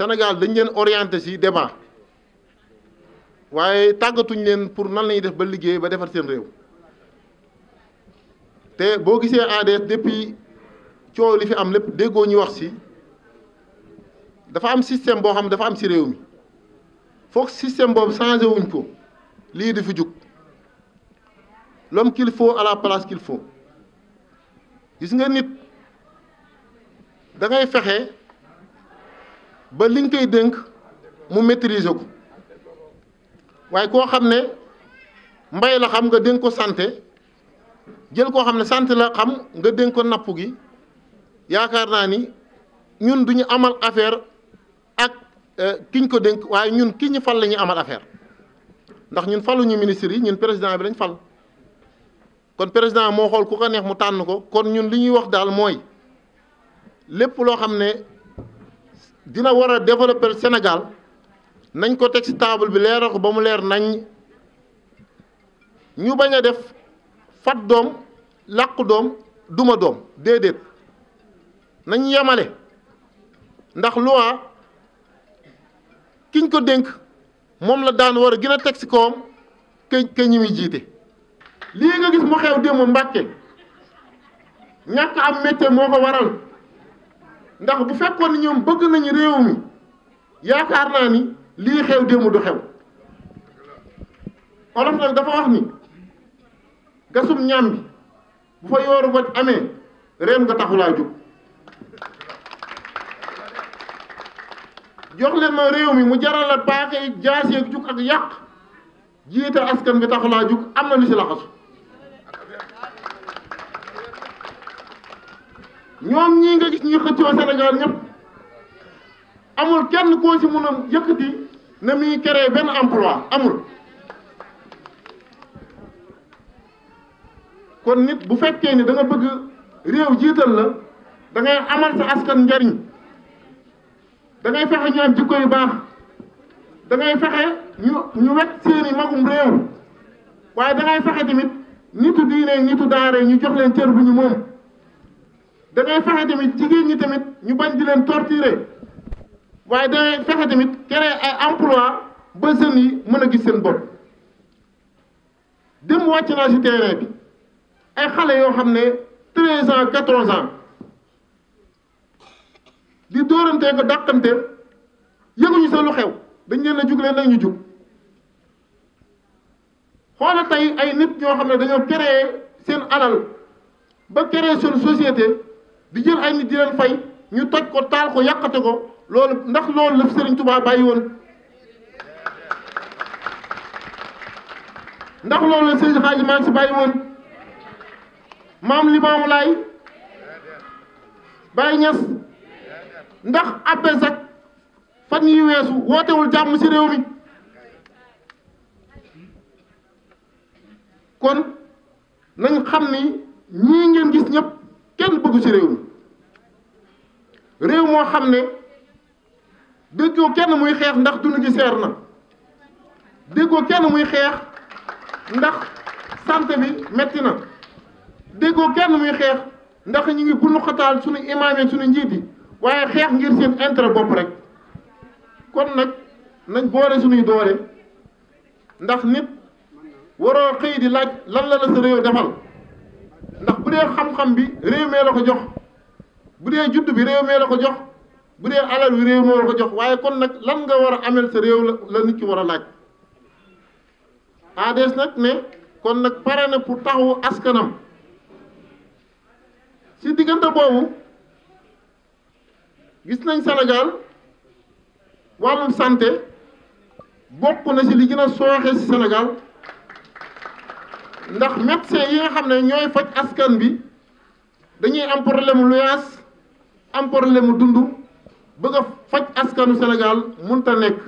Sénégal dañu leen orienté si débat waaye tàggatuñ leen pour nan lañuy def ba liggéey ba defar seen réew te boo gisee ADS depuis coow li fi am lépp déggoo ñu wax si dafa am système boo xam dafa am ci réew mi foog système boobu changé wuñ ko lii di fi jug lom kilifo faut à la place qu'il gis nga nit da ngay fexe. ba liñ koy dénk mu maîtriser ko waaye koo xam ne mbay la xam nga dénk ko sante jël koo xam ne santé la xam nga dénk ko napp gi yaakaar naa ni ñun duñu amal affaire ak euh, kiñ ko dénk waaye ñun ki ñu fal la ñuy amal affaire ndax ñun faluñu ministre yi ñun président bi lañ fal kon président moo xool ku ko neex mu tànn ko kon ñun li ñuy wax daal mooy lépp loo xam ne dina war a développer senegal nañ ko teg ci table bi leeral ba mu leer nañ ñu bañ a def fat doom làqu doom duma doom déedéet nañ yemale ndax loi kiñ ko dénk moom la daan war a gën a teg ci kawam ke ke ñi jiite lii nga gis mu xew démb Mbàkke ñàkk am métier moo ko waral ndax bu fekkoon ñoom bëgg nañu réew mi yaakaar naa ni lii xew démb du xew olof nag dafa wax ni gasum ñam bu fa yooru boj amee reen nga taxulaa jóg jox leen ma réew mi mu jaral la paaka yi jaas yeeg jug ak yàq jiite askan bi taxulaa jug am na lu si laxasu ñoom ñii nga gis ñuy xëccoo senegal ñëpp amul kenn koo ci mun a yëkkati na muy créer benn emploi amul. kon nit bu fekkee ni da bëgg réew jiital la dangay amal sa askan njariñ dangay ngay fexe ñu am jikko baax da fexe ñu ñu wet seeni magum réew waaye da ngay fexe tamit nitu diine nitu daare ñu jox leen cër bu ñu moom. da ngay tamit jigéen ñi tamit ñu bañ di leen torturer waaye da ngay tamit créer ay emploi ba jeunes yi mën a gis seen bopp dem wàcc naa si terrain bi ay xale yoo xam ne treize ans quatorze ans li dóorantee ko dàqante yëguñu sa lu xew dañ leen a jug leen nag ñu jug xoola tey ay nit ñoo xam ne dañoo créer seen alal ba créer seen societé di jël ay nit di leen fay ñu toj ko taal ko yàqate ko loolu ndax loolu la fi Serigne Touba bàyyi woon ndax loolu la Serigne Hadji Malick Sy bàyyi woon maam Limaamu Laay Baye Ñas ndax APESAC ak fan yi weesu wootewul jàmm ci réew mi kon nañu xam ni ñii ngeen gis ñépp kenn bëggu ci réew mi réew moo xam ne déggoo kenn muy xeex ndax dund gi seer na déggoo kenn muy xeex ndax santé bi metti na déggoo kenn muy xeex ndax ñu ngi bunu xataal suñu imaam njiit yi waaye xeex ngir seen intérêt bopp rek kon nag nañ boole suñuy doole ndax nit waroo xëy di laaj lan la la sa réew defal ndax bu dee xam-xam bi réew mee la ko jox bu dee judd bi réew mee la ko jox bu dee alal bi réew moo la ko jox waaye kon nag lan nga war a ameel sa réew la la nit ki war a laaj ADS nag ne kon nag pare na pour taxawu askanam si diggante boobu gis nañ senegal wàllum santé bokk na ci li gën a sooxe si ndax médecin yi nga xam ne ñooy faj askan bi dañuy am problème lu yaas am problème mu dund faj askanu Sénégal munta nekk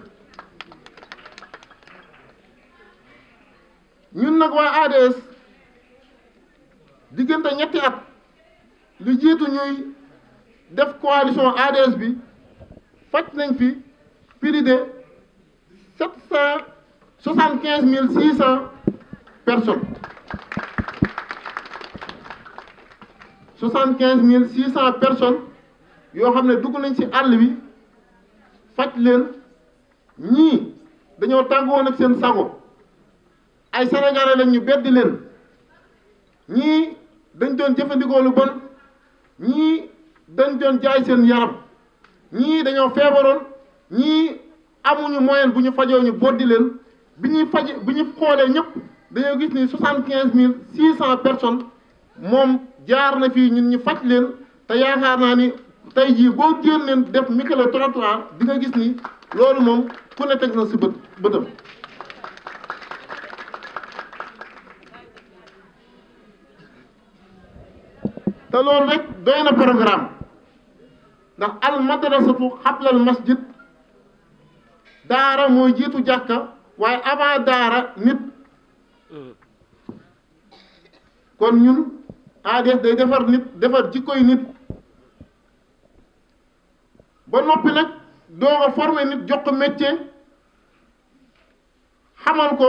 ñun nag waa ADS diggante ñetti at lu jiitu ñuy def coalition ADS bi faj nañ fi plus de sept cent soixante quinze mille six cent personnes soixante quinze mille six cent personnes yoo xam ne dugg nañ ci àll bi faj leen ñii dañoo tàngoon ak seen sago ay sénégalais lañ ñu beddi leen ñii dañ doon jëfandikoo lu bon ñii dañ doon jaay seen yaram ñii dañoo feebaroon ñii amuñu moyen bu ñu fajoo ñu boddi leen bi ñuy faj bi ñu xoolee ñëpp dañoo gis ni soixante quinze mille six cent personnes moom jaar na fii ñun ñu faj leen te yaakaar naa ni tey jii boo génneen def micro trottoir di nga gis ni loolu moom ku ne teg na si bët bëtam te loolu rek doy na programme ndax al madrasatu xablal masjid daara mooy jiitu jàkka waaye avant daara nit mm. kon ñun ADS day defar nit defar jikkoy nit ba noppi nag doo a former nit jox ko métier xamal ko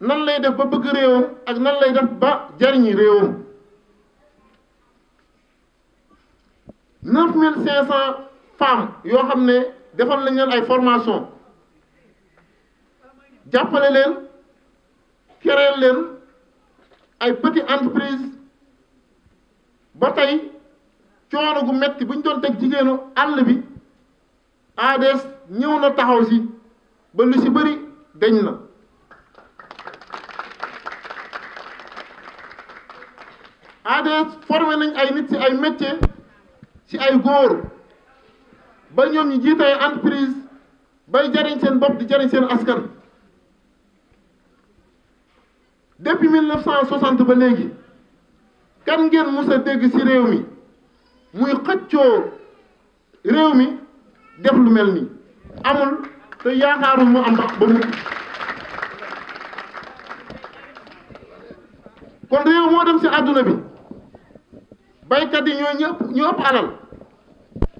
nan lay def ba bëgg réewam ak nan lay def ba jariñi réewam neuf mille cinq cent yoo xam ne defal nañ leen ay formation jàppale leen créer leen ay pëti entreprise ba tey coono gu metti buñ doon teg jigéenu àll bi ADS ñëw na taxaw si ba lu ci bëri deñ na ADS forme nañ ay nit si ay métier ci ay góor ba ñoom ñu jiite ay entreprise bay jariñ seen bopp di jariñ seen askan depuis 1960 ba léegi kan ngeen mus dégg si réew mi muy xëccoo réew mi def lu mel nii amul te yaakaarul mu am ba mu kon réew moo dem ci àdduna bi baykat yi ñooy ñëpp ñu ëpp alal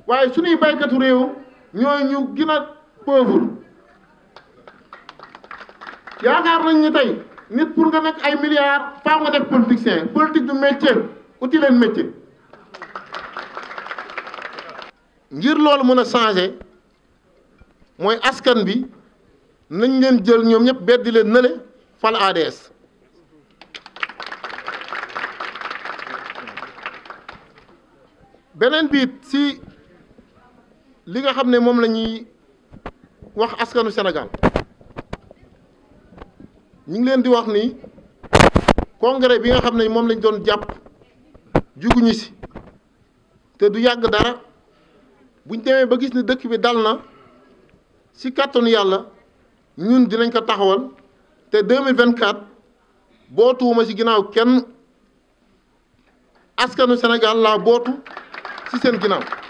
waaye suñuy baykatu réew ñoo ñu gin a pauvre yaakaar nañ ni tey nit pour nga nekk ay milliards faaw nga def politicien politique du métier uti leen métier ngir loolu mën a changer mooy askan bi nañ leen jël ñoom ñëpp beddi leen nële fal ADS beneen biit si li nga xam ne moom la ñuy wax askanu Sénégal ñu ngi leen di wax ni congrès bi nga xam ne moom lañ doon jàpp juguñu si te du yàgg dara buñ demee ba gis ne dëkk bi dal na si kàttanu yàlla ñun dinañ ko taxawal te 2024 bootuwuma ci ginnaaw kenn askanu Sénégal laa bootu ci seen ginnaaw